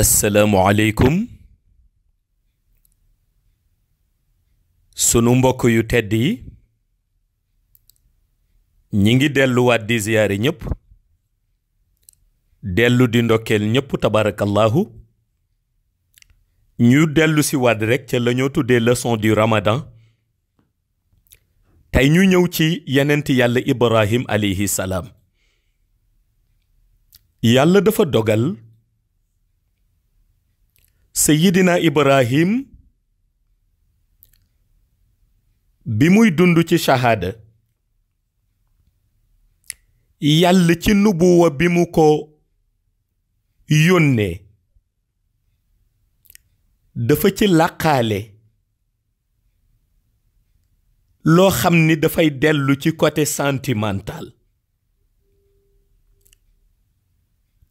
asalaamualeykum sunu mbokk yu tedd yi ñi ngi delluwaat di ziyaare ñépp dellu di ndokkeel ñépp tabarakallahu ñu dellu si waat rekk ca la ñoo tuddee leçon du ramadan tey ñu ñëw ci yenent yàlla ibrahim alayhi salaam yàlla dafa dogal Seydina Ibrahim bi muy dund ci shahaada yàlla ci nubuwa bi mu ko yónnee dafa ci làqaale loo xam ni dafay dellu ci côté sentimental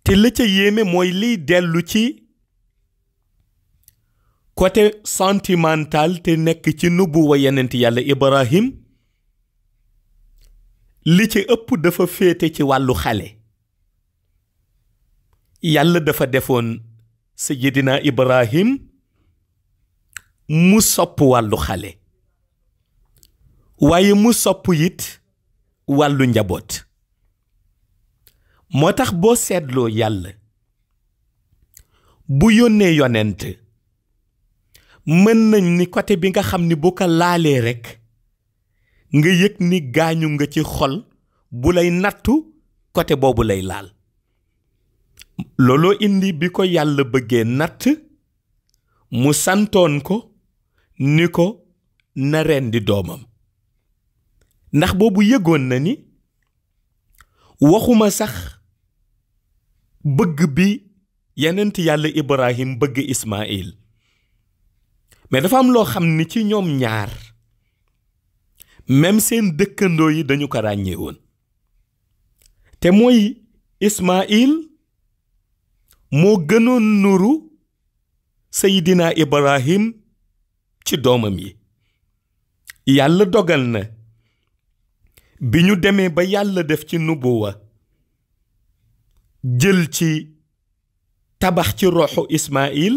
te la ca yéeme mooy liy dellu ci côté sentimental te nekk ci nubuwa yenent yàlla Ibrahim li ci ëpp dafa féete ci wàllu xale yàlla dafa defoon sayidina Ibrahim mu sopp wàllu xale waaye mu sopp it wàllu njaboot moo tax boo seetloo yàlla bu yónnee yonent mën nañ ni côté bi nga xam ni bu ko laalee rekk nga yëg ni gaañu nga ci xol bu lay nattu côté boobu lay laal looloo indi bi ko yàlla bëggee natt mu santoon ko ni ko na rendi doomam ndax boobu yëgoon na ni waxuma sax bëgg bi yenent yàlla Ibrahim bëgg Ismaïl mais dafa am loo xam ni ci ñoom ñaar même seen dëkkandoo yi dañu ko ràññee te mooy Ismaïl moo gënoon nuru Seydina Ibrahim ci doomam yi yàlla dogal na bi ñu demee ba yàlla def ci nubuwa jël ci tabax ci roxu Ismaïl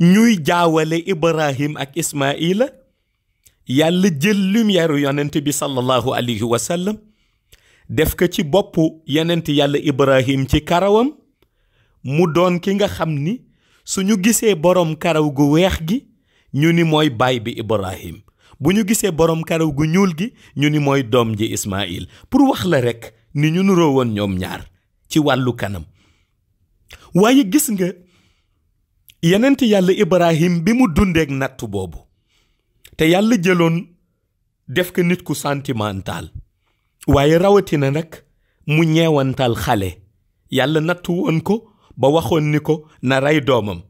ñuy jaawale Ibrahim ak Ismaila yàlla jël lumière yonent bi sallallahu alayhi wa sallam def ko ci boppu yonent yàlla Ibrahim ci karawam mu doon ki nga xam ni suñu gisee boroom karaw gu weex gi ñu ni mooy baay bi Ibrahim bu ñu gisee boroom karaw gu ñuul gi ñu ni mooy doom ji Ismaïl pour wax la rekk ni ñu nuroo woon ñoom ñaar ci wàllu kanam waaye gis nga. yenent yàlla ibrahim bi mu dundeek natt boobu te yàlla jëloon def ko nit ku sentimental waaye rawatina nag mu ñeewantal xale yàlla nattu woon ko ba waxoon ni ko na rey doomam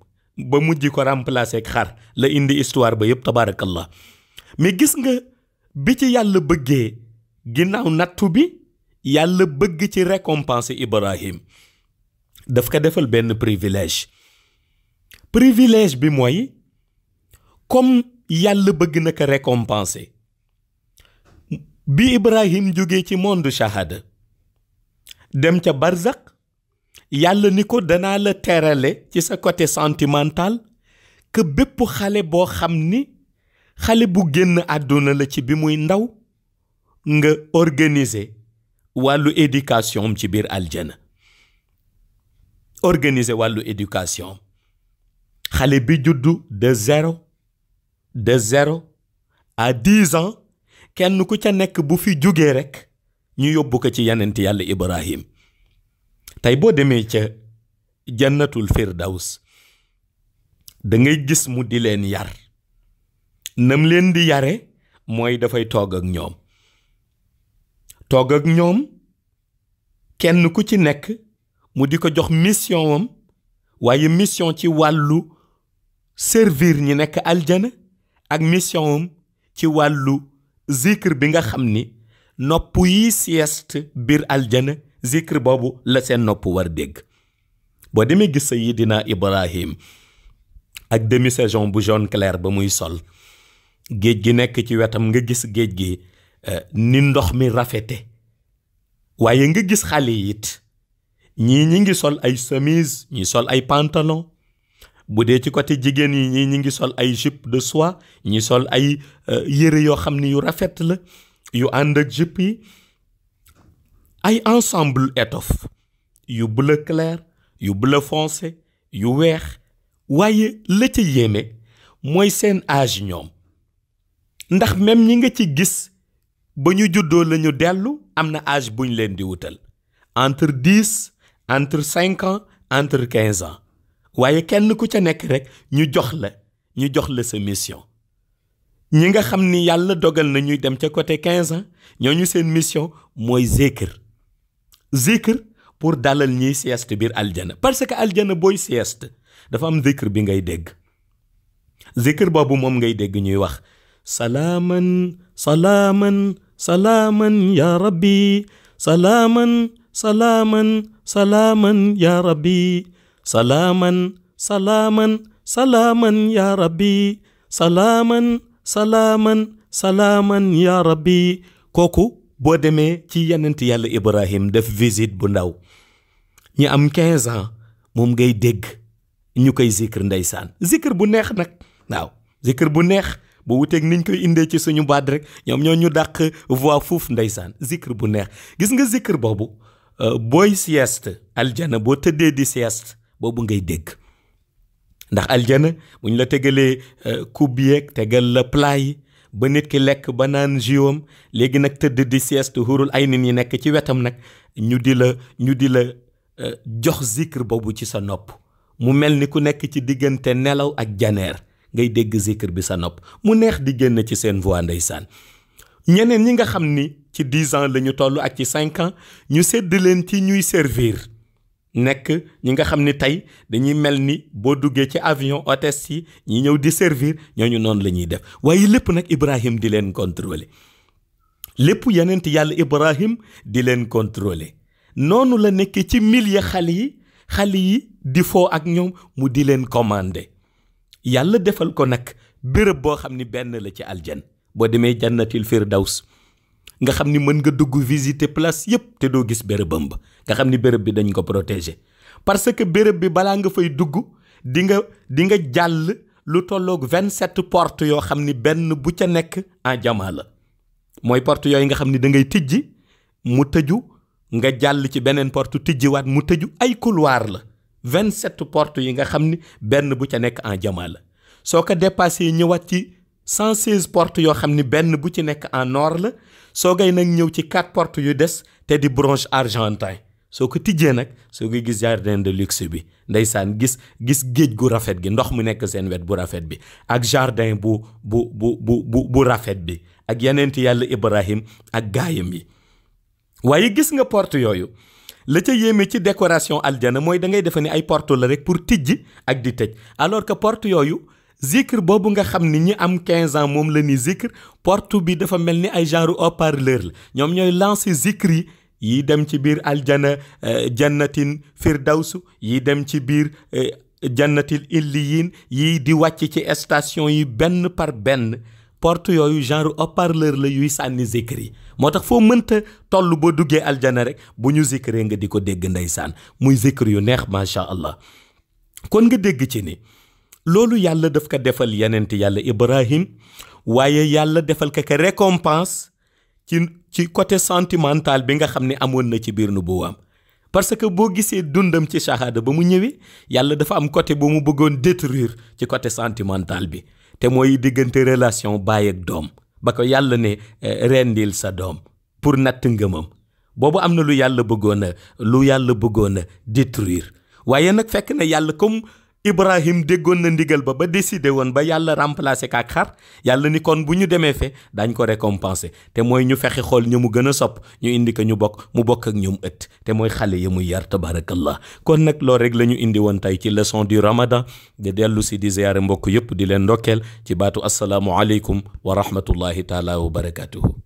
ba mujj ko remplacer ak xar la indi histoire ba yëpp tabaarakallah mais gis nga bi ci yàlla bëggee ginnaaw nattu bi yàlla bëgg ci récompenser Ibrahim daf ko defal benn privilège privilège bi mooy comme yàlla bëgg na ko récompenser bi Ibrahim jóge ci monde shahada dem ca barzak yàlla ni ko danaa la terale ci sa côté santimental que bépp xale boo xam ni xale bu génn àdduna la ci bi muy ndaw nga organiser wàllu éducation ci biir aljana organiser wàllu éducation xale bi juddu de zéro de zéro à dix ans kenn ku ca nekk bu fi jógee rekk ñu yóbbu ko ci yonent yàlla Ibrahim tey boo demee ca jannatul firdaws da ngay gis mu di leen yar nam leen di yare mooy dafay toog ak ñoom toog ak ñoom kenn ku ci nekk mu di ko jox mission am waaye mission ci wàllu servir ñi nekk aljana ak mission ci wàllu zikr bi nga xam ni nopp yi sieste biir aljana zikr boobu la seen nopp war dégg boo demee gis sa yi Sayidina Ibrahim ak demi saison bu jaune claire ba muy sol géej gi nekk ci wetam nga gis géej gi euh, ni ndox mi rafete waaye nga gis xale it ñi ñi ngi sol ay chemise ñi sol ay pantalon bu dee ci côté jigéen yi ñi ñi ngi sol ay jupe de soie ñi sol ay euh, yére yoo xam ni yu rafet la yu ànd ak jupe yi ay ensemble étoffe yu bleu clair yu bleu foncé yu weex waaye la ca yéeme mooy seen age ñoom ndax même ñi nga ci gis ba ñu juddoo la dellu am na age bu buñ leen di wutal entre dix entre cinq ans entre quinze ans waaye kenn ku ca nekk rek ñu jox la ñu jox la sa mission ñi nga xam ni yàlla dogal na ñuy dem ca côté 15 ans ñooñu seen mission mooy zikr zikr pour dalal ñiy sieste biir aljana parce que aljana booy sieste dafa am zikr bi ngay dégg zikr boobu moom ngay dégg ñuy wax salaaman salaaman salaaman ya rabbi salaaman salaaman salaaman ya rabbi salaaman salaaman salaaman yaa rabbi salaaman salaaman salaaman yaa rabbi kooku boo demee ci yonent yàlla Ibrahim def visite bu ndaw ñu am 15 ans moom ngay dégg ñu koy zikr ndeysaan zikr bu neex nag waaw zikr bu neex bu wuteeg niñ koy indee ci suñu baat rek ñoom ñoo ñu dàq voix fuuf ndeysaan zikr bu neex gis nga zikr boobu euh, booy sieste aljana boo tëddee di sieste boobu ngay dégg ndax aljana bu ñu la tegalee euh, coupe yeeg tegal la plat ba nit ki lekk ba naan jiwam léegi nag tëdd di sieste hurul ay nit ñi nekk ci wetam nag ñu di la ñu di la euh, jox zikr boobu ci sa nopp mu mel ni ku nekk ci diggante nelaw ak janeer ngay dégg zikr bi sa nopp mu neex di génn ci seen voix ndeysaan ñeneen ñi nga xam ni ci dix ans la toll ak ci cinq ñu sedd leen ci ñuy servir nekk ñi nga xam ni tey dañuy mel ni boo duggee ci avion hôtesse yi ñi ñëw di servir ñooñu noonu la ñuy def waaye lépp nag Ibrahim di leen contrôler lépp yonent yàlla Ibrahim di leen contrôler noonu la nekkee ci milieu xale yi xale yi di foo ak ñoom mu di leen commander yàlla defal ko nag béréb boo xam ni benn la ci aljan boo demee jannatil firdaws nga xam ni mën nga dugg visité place yépp te doo gis bérébam ba nga xam ni béréb bi dañ ko protéger parce que béréb bi balaa nga fay dugg di nga di nga jàll lu tolloog vingt-sept porte yoo xam ni benn bu ca nekk en jamaa la mooy porte yooyu nga xam ni da ngay tijji mu tëju nga jàll ci beneen porte tijjiwaat mu tëju ay couloir la vingt-sept portes yi nga xam ni benn bu ca nekk en jamaa la soo ko dépassé ñëwaat ci cent seize portes yoo xam ni benn bu ci nekk en nord la soo soogay nag ñëw ci quatre portes yu des te di bronze argentin soo ko tijjee nag soo koy gis jardin de luxe bi ndeysaan gis gis géej gu rafet gi ndox mu nekk seen wet bu rafet bi ak jardin bu bu bu bu bu bu rafet bi ak yeneenti yàlla Ibrahim ak gaayam yi waaye gis nga porte yooyu la ca yéeme ci décoration aljana mooy da ngay defe ni ay porte la rek pour tijji ak di tëj alors que porte yooyu zikr boobu nga xam ni ñi am 15 ans moom la ñuy zikr porte bi dafa mel ni ay genre haut-parleur la ñoom ñooy lancer zikr yi yi dem ci biir aljana euh, jannatin firdawsu yi dem ci biir euh, jannatil illiyin yii di wàcc ci station yi benn par benn porte yooyu genre oparleur la yuy sànni zikr yi moo tax foo mënta toll boo duggee aljana rek bu ñu zikree nga di ko dégg ndeysaan muy zikr yu neex macha allah kon nga dégg ci ni loolu yàlla daf ko defal yenent yàlla Ibrahim waaye yàlla defal ko ko récompense ci ci côté sentimental bi nga xam ni amoon na ci biir nu bu nubuwaam parce que boo gisee dundam ci shahada ba mu ñëwee yàlla dafa am côté bu mu bëggoon détruire ci côté sentimental bi te mooy diggante relation baay ak doom ba ko yàlla ne eh, rendil sa doom pour natt ngëmam boobu am na lu yàlla bëggoon lu yàlla bëggoon a waaye nag fekk na yàlla comme Ibrahim déggoon na ndigal ba ba décidé woon ba yàlla remplacé kaak xar yàlla ni kon bu ñu demee fee daañ ko récompenser te mooy ñu fexi xool ñu mu gën a sopp ñu indi ko ñu bokk mu bokk ak ñoom ëtt te mooy xale ya muy yar tabarakallah kon nag loolu rek la ñu indi woon tey ci leçon du ramadan de dellu si di ziyaare mbokk yëpp di leen ndokkeel ci baatu asalaamu aleykum wa rahmatullahi taala wa barakatuhu